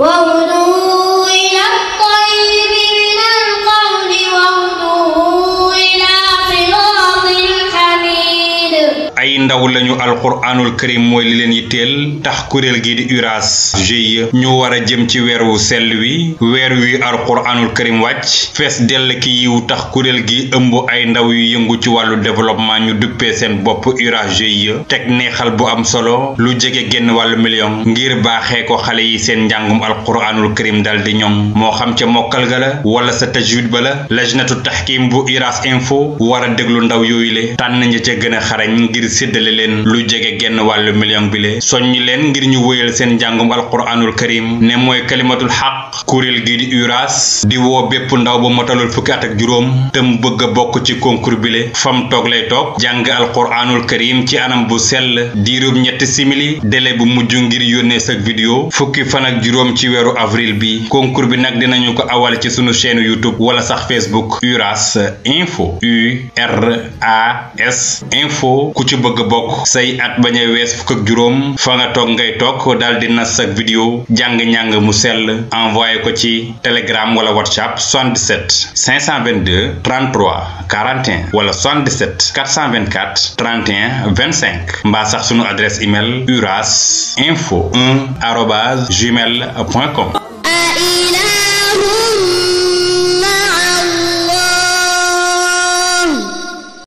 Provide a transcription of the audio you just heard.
Well, ay ndaw lañu alxuraanul karim mooy li leen yitteel tax kuréel gi di URAS GIE ñu war a jëm ci weer wu sell wi weer wi alxuraanul karim wàcc fees dell ki yiw tax kuréel gi ëmb ay ndaw yu yëngu ci wàllu développement ñu duppee seen bopp URAS GIE teg neexal bu am solo lu jege génn wàllu million ngir baaxee ko xale yi seen njàngum alxuraanul karim dal di ñoŋ moo xam ca mokkal ga la wala sa tajwid ba la lajnatu taxkim bu URAS info war a déglu ndaw yooyu le séddale leen lu jege genn wàllu million bile soññ leen ngir ñu wéyal seen njàngum alquraanul karim ne mooy kalimatul xaq kuréel gi di URAS di woo bépp ndaw bu motalul fukki at ak juróom te mu bëgg a bokk ci concours bile fam toog lay toog jàng alquraanul karim ci anam bu sell diirub ñetti simili délai bu mujj ngir yónnee sa vidéo fukki fan ak juróom ci weeru avril bi concours bi nag dinañu ko awal ci sunu chaîne YouTube wala sax Facebook URAS info U R A S info ku ci bëgg a bokk say at ba a wees fukk ak juróom fa nga toog ngay toog daal di nas ak vidéo jàng ñàng mu sell envoyé ko ci telegram wala whatsapp 77 522 33 41 wala 77 424 31 25 mbaa sax sunu adresse email uras info 1 arobase gmail point com